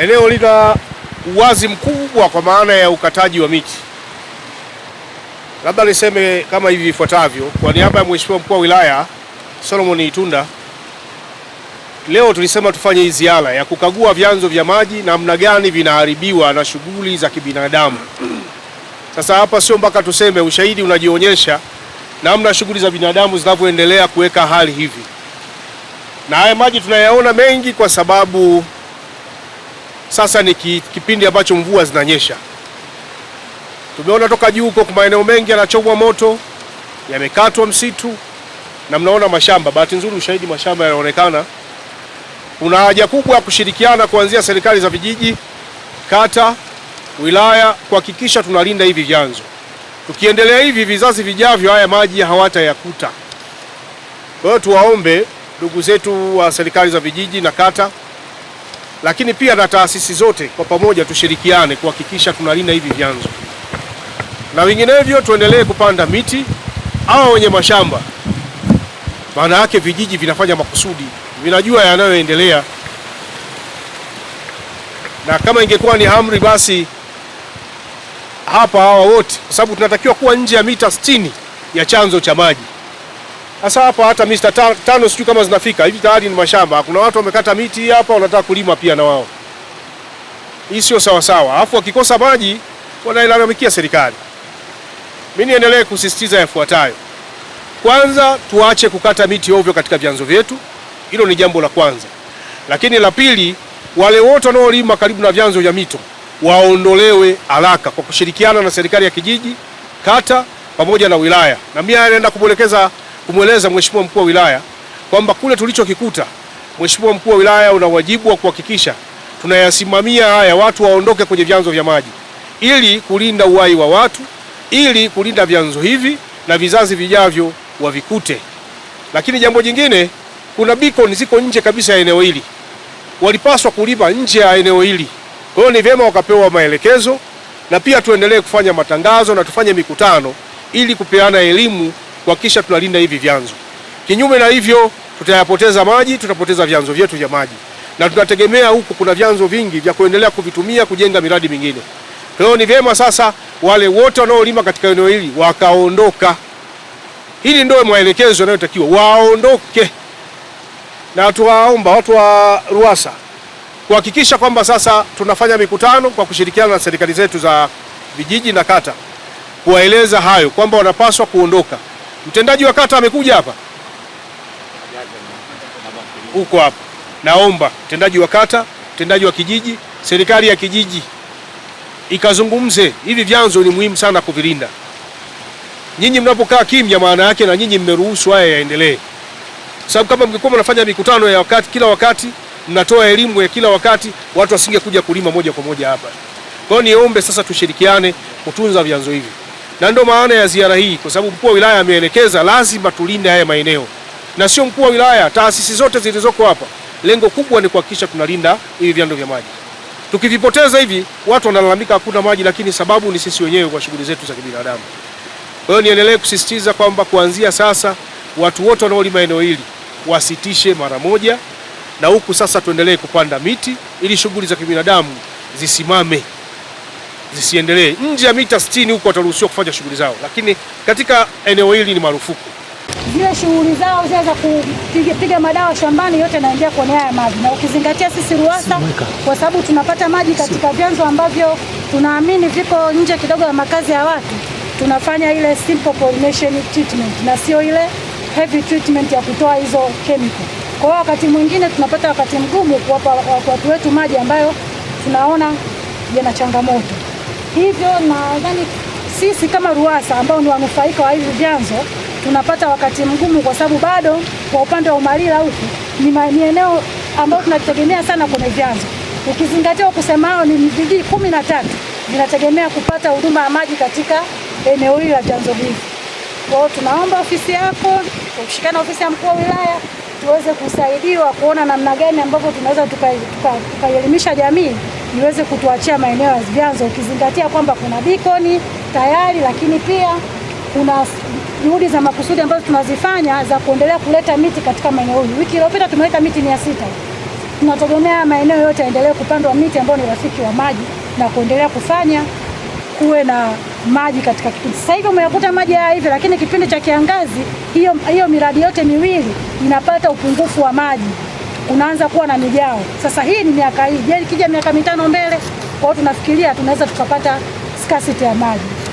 Eneo lina uwazi mkubwa kwa maana ya ukataji wa miti. Labda niseme kama hivi ifuatavyo, kwa niaba ya Mheshimiwa Mkuu wa Wilaya Solomon Itunda, leo tulisema tufanye hii ziara ya kukagua vyanzo vya maji namna gani vinaharibiwa na shughuli za kibinadamu. Sasa hapa sio mpaka tuseme, ushahidi unajionyesha namna shughuli za binadamu zinavyoendelea kuweka hali hivi, na haya maji tunayaona mengi kwa sababu sasa ni kipindi ambacho mvua zinanyesha. Tumeona toka juu huko maeneo mengi yanachomwa moto, yamekatwa msitu na mnaona mashamba. Bahati nzuri ushahidi, mashamba yanaonekana. Kuna haja kubwa ya kushirikiana kuanzia serikali za vijiji, kata, wilaya kuhakikisha tunalinda hivi vyanzo. Tukiendelea hivi, vizazi vijavyo haya maji hawatayakuta. Kwa hiyo tuwaombe ndugu zetu wa serikali za vijiji na kata lakini pia na taasisi zote kwa pamoja tushirikiane kuhakikisha tunalinda hivi vyanzo, na vinginevyo tuendelee kupanda miti. Hawa wenye mashamba, maana yake vijiji vinafanya makusudi, vinajua yanayoendelea, na kama ingekuwa ni amri basi hapa hawa wote, kwa sababu tunatakiwa kuwa nje ya mita 60 ya chanzo cha maji. Sasa hapa hata mita tano sijui kama zinafika hivi, tayari ni mashamba. Kuna watu wamekata miti hapa, wanataka kulima pia na wao. Hii sio sawa, alafu wakikosa maji wanailalamikia serikali. Mimi niendelee kusisitiza yafuatayo: kwanza, tuache kukata miti ovyo katika vyanzo vyetu, hilo ni jambo la kwanza. Lakini la pili, wale wote wanaolima karibu na vyanzo vya mito waondolewe haraka kwa kushirikiana na serikali ya kijiji, kata pamoja na wilaya, na mimi naenda kumwelekeza kumweleza Mheshimiwa mkuu wa wilaya kwamba kule tulichokikuta, Mheshimiwa mkuu wa wilaya una wajibu wa kuhakikisha tunayasimamia haya, watu waondoke kwenye vyanzo vya maji ili kulinda uhai wa watu, ili kulinda vyanzo hivi na vizazi vijavyo wavikute. Lakini jambo jingine, kuna beacon ziko nje kabisa ya eneo hili, walipaswa kulima nje ya eneo hili. Kwa hiyo ni vyema wakapewa maelekezo, na pia tuendelee kufanya matangazo na tufanye mikutano ili kupeana elimu kuhakikisha tunalinda hivi vyanzo. Kinyume na hivyo, tutayapoteza maji, tutapoteza vyanzo vyetu vya maji, na tunategemea huku kuna vyanzo vingi vya kuendelea kuvitumia kujenga miradi mingine. Kwa hiyo ni vyema sasa wale wote wanaolima katika eneo hili wakaondoka. Hili ndio maelekezo yanayotakiwa, waondoke, na tuwaomba watu wa Ruwasa kuhakikisha kwamba sasa tunafanya mikutano kwa kushirikiana na serikali zetu za vijiji na kata kuwaeleza hayo kwamba wanapaswa kuondoka. Mtendaji wa kata amekuja hapa, huko hapa. Naomba mtendaji wa kata, mtendaji wa kijiji, serikali ya kijiji ikazungumze. Hivi vyanzo ni muhimu sana kuvilinda. Nyinyi mnapokaa kimya, maana yake na nyinyi mmeruhusu haya yaendelee, sababu kama mngekuwa mnafanya mikutano ya wakati kila wakati, mnatoa elimu ya kila wakati, watu wasingekuja kulima moja kwa moja hapa. Kwa hiyo niombe sasa tushirikiane kutunza vyanzo hivi na ndio maana ya ziara hii, kwa sababu mkuu wa wilaya ameelekeza lazima tulinde haya maeneo, na sio mkuu wa wilaya, taasisi zote zilizoko hapa, lengo kubwa ni kuhakikisha tunalinda hivi vyanzo vya maji. Tukivipoteza hivi, watu wanalalamika hakuna maji, lakini sababu ni sisi wenyewe kwa shughuli zetu za kibinadamu. Kwa hiyo niendelee kusisitiza kwamba kuanzia sasa watu wote wanaolima eneo hili wasitishe mara moja, na huku sasa tuendelee kupanda miti ili shughuli za kibinadamu zisimame zisiendelee. Nje ya mita 60 huko wataruhusiwa kufanya shughuli zao, lakini katika eneo hili ni marufuku. Zile shughuli zao zile za kupiga madawa shambani yote yanaingia kwenye haya maji, na ukizingatia sisi RUWASA kwa sababu tunapata maji katika vyanzo ambavyo tunaamini viko nje kidogo ya makazi ya watu, tunafanya ile simple pollination treatment na sio ile heavy treatment ya kutoa hizo chemical. Kwa hiyo wakati mwingine tunapata wakati mgumu kuwapa watu wetu maji ambayo tunaona yana changamoto. Hivyo nadhani sisi kama RUWASA ambao ni wanufaika wa hivi vyanzo tunapata wakati mgumu, kwa sababu bado kwa upande wa Umalila huku ni eneo ambayo tunategemea sana kwenye vyanzo, ukizingatia ukusemao ni vijiji kumi na tatu vinategemea kupata huduma ya maji katika eneo hili la vyanzo hivi. Kwa hiyo tunaomba ofisi yako kushikana ofisi ya mkuu wa wilaya tuweze kusaidiwa kuona namna gani ambavyo tunaweza tukaelimisha tuka, tuka jamii niweze kutuachia maeneo ya vyanzo, ukizingatia kwamba kuna bikoni tayari, lakini pia kuna juhudi za makusudi ambazo tunazifanya za kuendelea kuleta miti katika maeneo huyu. Wiki iliyopita tumeleta miti mia sita. Tunategemea maeneo yote yaendelee kupandwa miti ambayo ni rafiki wa maji na kuendelea kufanya kuwe na maji katika kipindi. Sasa hivi umeyakuta maji haya hivi, lakini kipindi cha kiangazi hiyo hiyo miradi yote miwili inapata upungufu wa maji kunaanza kuwa na mijao. Sasa hii ni miaka hii, je, ikija miaka mitano mbele, kwa hiyo tunafikiria tunaweza tukapata scarcity ya maji.